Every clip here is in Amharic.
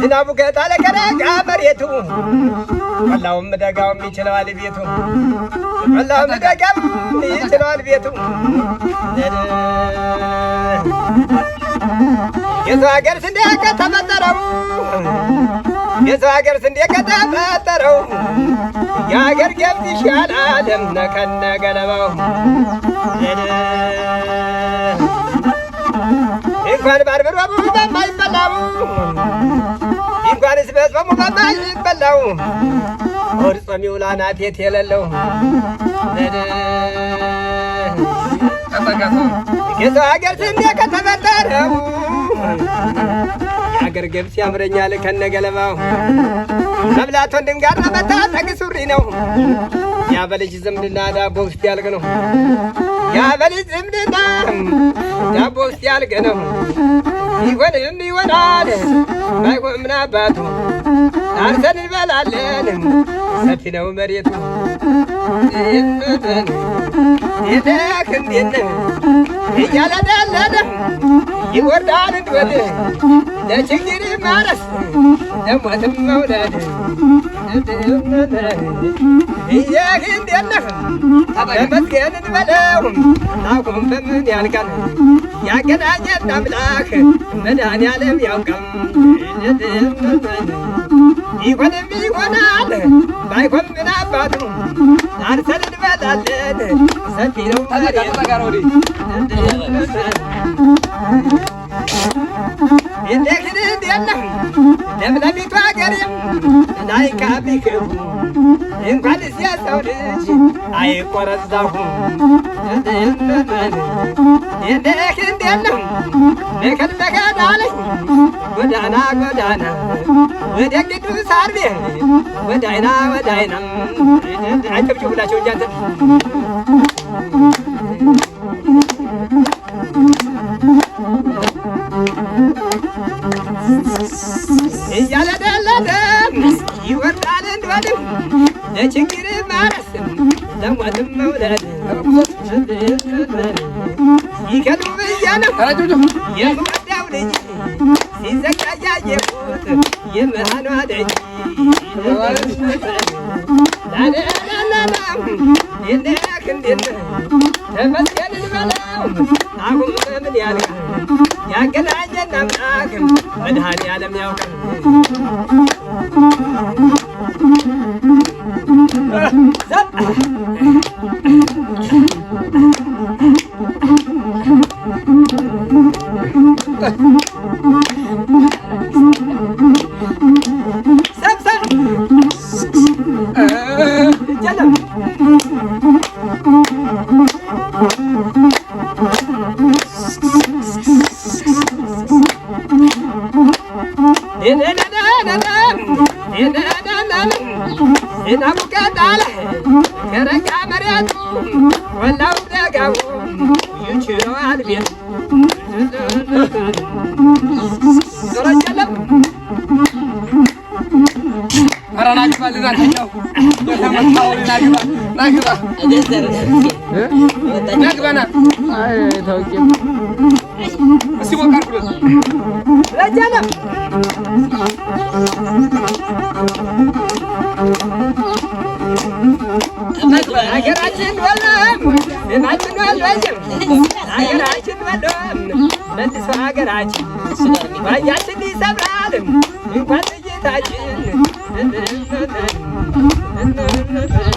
ዝናቡ ከጣለ ከደጋ መሬቱ ቆላውም ደጋውም ይችለዋል ቤቱ ቆላውም ደጋም ይችለዋል ቤቱ የሰው ሀገር ስንዴ ከተፈጠረው የሰው ሀገር ስንዴ ከተፈጠረው የሀገር ገብት ይሻል አለም ነከነ ገለባው እንኳን ባርበሮ በማይበላው እንኳንስ በጾሙ በማይበላው ሆድ ጾም ይውላና ጤት የሌለው የሰው ሀገር ስሜ ከተፈጠረው የሀገር ገብስ ያምረኛል ከነገለባው መብላት ወንድም ጋር መታጠቅ ተግሱሪ ነው። ያ በልጅ ዝምድና ዳቦ ውስጥ ያልቅ ነው። ያ በልጅ ዝምድና ዳቦ ውስጥ ያልቅ ነው። ይሆንም ይሆናል ባይሆን ምን አባቱ አርሰን እንበላለን። ሰፊ ነው መሬቱ ይጠን ይለክ እንዴት እያለዳለደ ይወርዳል እንድወድ ለችግር ማረስ ለሞትም መውለድ ይህን የለህ ተመስገን እንበለው አሁን በምን ያልቃል ያገናኘን አምላክ መድኃኒዓለም ያውቃል። ይሆንም ይሆናል ባይሆን ምን አባቱ አርሰን እንበላለን ሰፊ ነው ታዲያ የለ ለምለሚቱ ሀገርም ላይ ካብክም እንኳን እዚያ ሰው ልጅ አይቆረዛሁ ይህ እንዴለም ምክል መከዳለኝ ጎዳና ጎዳና ወደ ቅዱስ አርቤ ወዳይና ወዳይና አይከብጭ ሁላቸው እያለደለደ ይወርዳል እንበልም ለችግር ማረስም ለሞትም መውለድ ይከሉ ብያለ የምወዳው ልጅ ሲዘጋ ያየሁት የመሃኗ ደጅ ಆಗುವ ಮನೆಯಲ್ಲಿ ಯಾಕೆ ರಾಜ ನಮ್ಮ ಆಗ ಮಧಾರಿ ಆದಮ್ ಯಾವ Thank you. એ નામ કે દાલ કે ሀገራችን ባያችን ይሰብራል እንኳን ጌታችን Okay.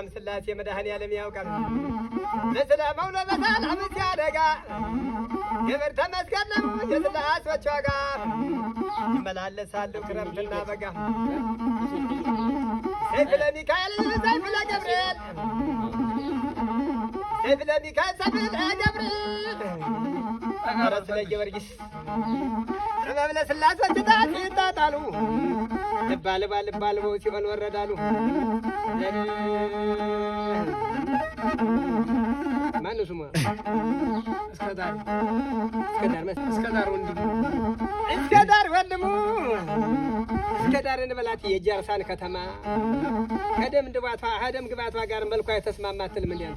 አም ስላሴ መድኃኔዓለም ያውቃል። ምስለሙ ለበሳል አምስ ያደጋ ግብር ተመስገነሙ የስላሴዎች ዋጋ ይመላለሳሉ ክረምትና በጋ ሰይፍለ ሚካኤል ሰይፍለ ገብርኤል ህብለ ሚካኤል ሰፈት ደብር ረስለ ጥበብ ለስላሴ ጭጣት ይጣጣሉ ልባልባ ልባልበው ሲበል ወረዳሉ ማነው ስሟ? እስከዳር እስከዳር እስከዳር ወንድሙ እስከዳር ወንድሙ እስከዳር እንበላት የጃርሳን ከተማ ከደም ድባቷ ከደም ግባቷ ጋር መልኳ የተስማማትል ምን ያለ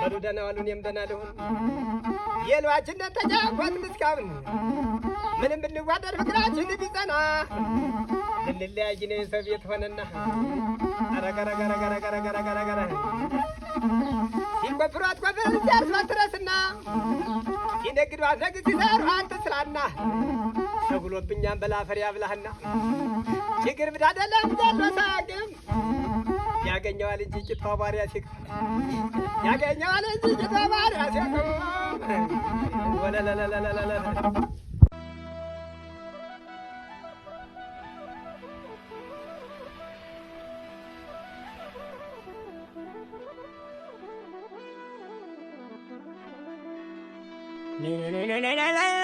በሉ ደህና ዋሉ። እኔም ደህና ልሁን። የሏችነት ተጫወት ምስካብን ምንም ብንዋደድ ፍቅራችን ቢጸና ልንለያይን ሰው ቤት ሆነና ረገረገረገረገረገረገረ ሲንቆፍሯት ቆፍር ሲያርሷት ትረስና ሲነግዷት ነግድ ሲሰሯት ትስራና ተብሎብኛም በላፈር ያብላህና ችግር ብዳደለ ሳግም ያገኘዋል እንጂ ጭቷ ባሪያ ሲክ ያገኘዋል እንጂ ጭቷ ባሪያ ሲክ ወለለለለለለ la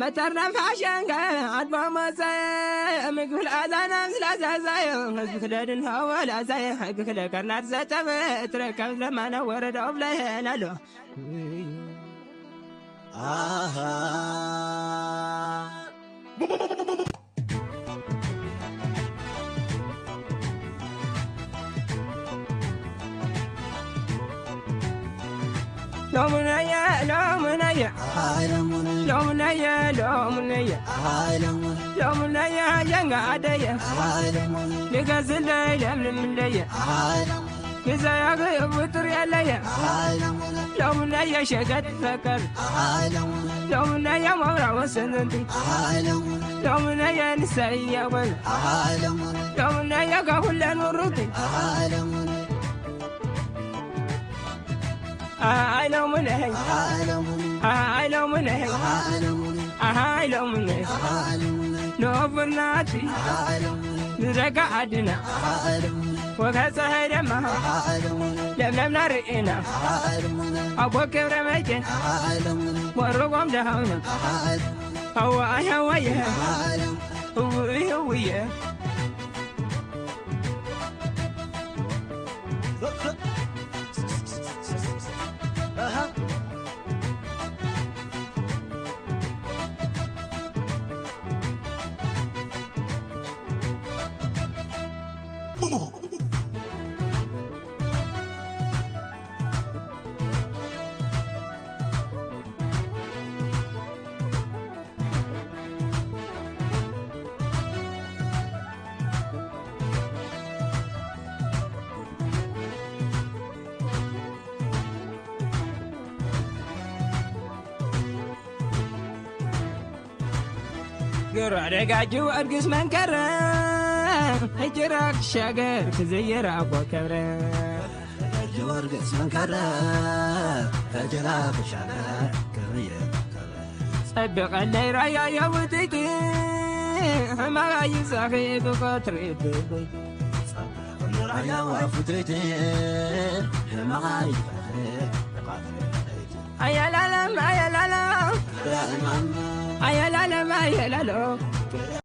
መተረፋሸንከ አድማ መሳይ ምግብ ለአዛናም ስላሳሳይ ህዝብ ክለድን ሀወላሳይ ህግ ክለከርናት ዘጠበ ትረከብ ለማነ ወረዳው ብለህን አለ Ah. لو منيا لو منيا لو منيا لو منيا لو منيا ينقاديا لقزل لمن مليا إذا يغيب وتر يليا لو منيا شقت فكر لو منيا مورع وسندي لو منيا نسيا ولا لو منيا قهولا وردي هاي لو من هي هاي من هي هاي من هي نوفر ناتي نرجع عدنا وكسهر ما لملم نرئنا أبوك رميتن والرقم دهونا هو أنا ويا هو هو ويا شاقر رقاجي وارقص منكر هجرك شاقر تزير ابو كبر رقاجي وارقص منكر هجرك شاقر صبق اللي رايا يا وديتي ما يساخي بقطري بيبي رايا وفدريتي ما غايب يا لا لا يا لا لا Ay, la, la, ay, la,